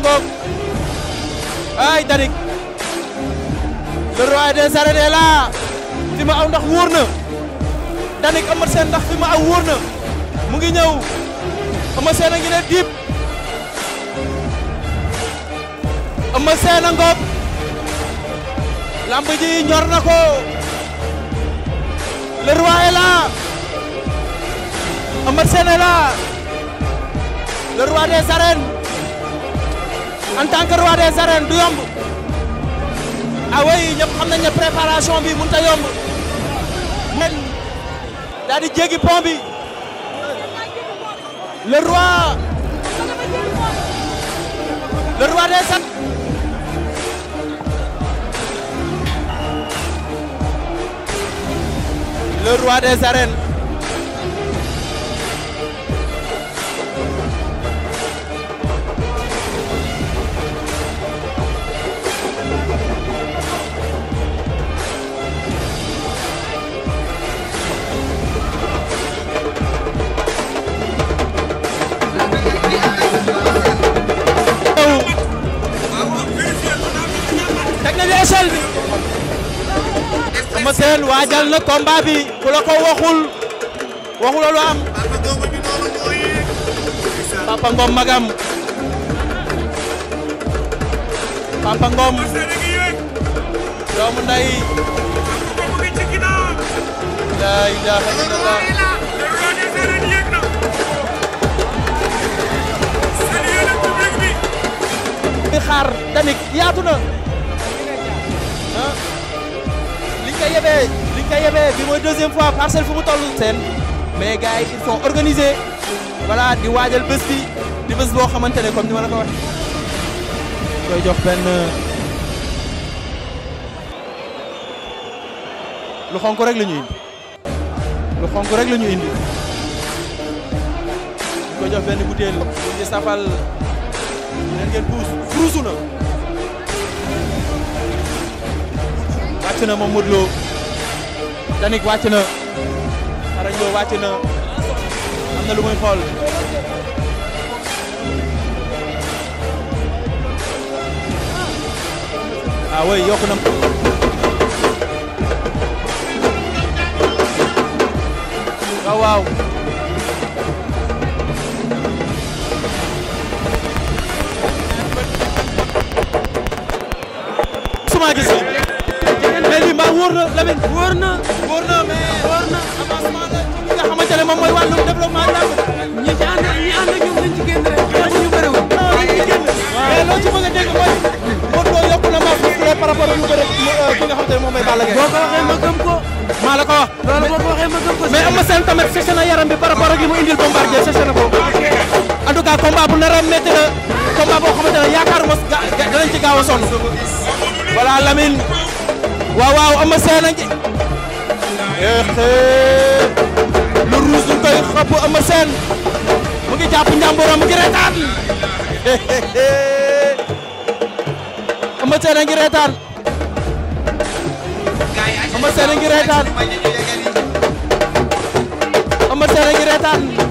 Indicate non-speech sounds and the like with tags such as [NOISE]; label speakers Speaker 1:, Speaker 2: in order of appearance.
Speaker 1: ngoog ay Danik le roi des arènes est là aw ndax wóor na Danik Eumeu Sène ndax fi aw wóor na mu ngi ñëw Eumeu Sène a ngi ne diip Eumeu Sène a ngoog lamb ji ñor na ko le roi est là Eumeu Sène est là le en tant que roi des arènes du yomb away ah ñëpp xam nañ préparation bi mënut yomb men daal di jéggi bi le roi des arènes na bi échelle bi. Eumeu Sène waajal na combat ku la ko waxul waxuloo lu am. Papa Ngom magam. Papa Ngom. doomu nday. laa ilaaha illallah. xaar tamit yaatu na koy yebee liñ koy yebee bi mooy deuxième fois parcelle fu mu toll seen mais gars yi ils sont organisés voilà di waajal bés bi di bés boo xamante ne comme ni ma la ko waxee koy jox benn lu xonk rek la ñu indi lu xonk rek la ñu indi koy jox benn butéel ñu safal leen ngeen puus furusu na wàcc na moom Modou Lo Danik wàcc na Arañ Lo wàcc na am na lu muy xool ah oui yokku na. waaw waaw. suma gis. lii mbaa wóor na Lamine. wóor na wóor na mais wóor na avancement la ci li nga xamante ne moom mooy wàllum développement làmb. ñi ci ànd ñi ànd ñoom dañ ci génn rek. ñoom ñu bëriwul. waaw dañ ci génn. waaw mais loo ci bëgg a dégg mooy. Modou Lo yokku na masse musculaire par rapport ak ñu bëri euh, ki nga xamante ne moom mooy Balla Gaye. boo ko waxee ma gëm ko. maa la ko wax. loolu boo ko waxee ma gëm ko. mais am na seen tamit séché na yaram bi par rapport ak li mu indil bombardier séché na ko. en tout cas combat bu nar a métti la combat boo xamante ne yaakaar mos ga danañ ci gaaw a sonn voilà Lamine waaw waaw Eumeu Sène a ngi lu ruus lu koy xëpp Eumeu Sène mu ngi jàpp njàmburam mu [LAUGHS] ngi reetaan Eumeu Sène a ngi reetaan Eumeu Sène a ngi reetaan reetaan